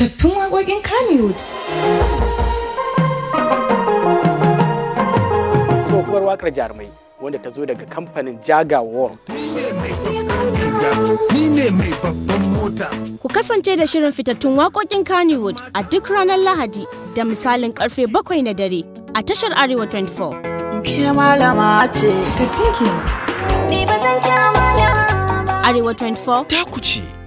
fitattun waƙoƙin Kannywood. Tsohuwar waƙar jarumai wanda ta zo daga kamfanin Jaga World. Ku kasance da shirin fitattun waƙoƙin Kannywood a duk ranar Lahadi da misalin karfe bakwai na dare a tashar Arewa 24. Arewa 24. Ta kuce.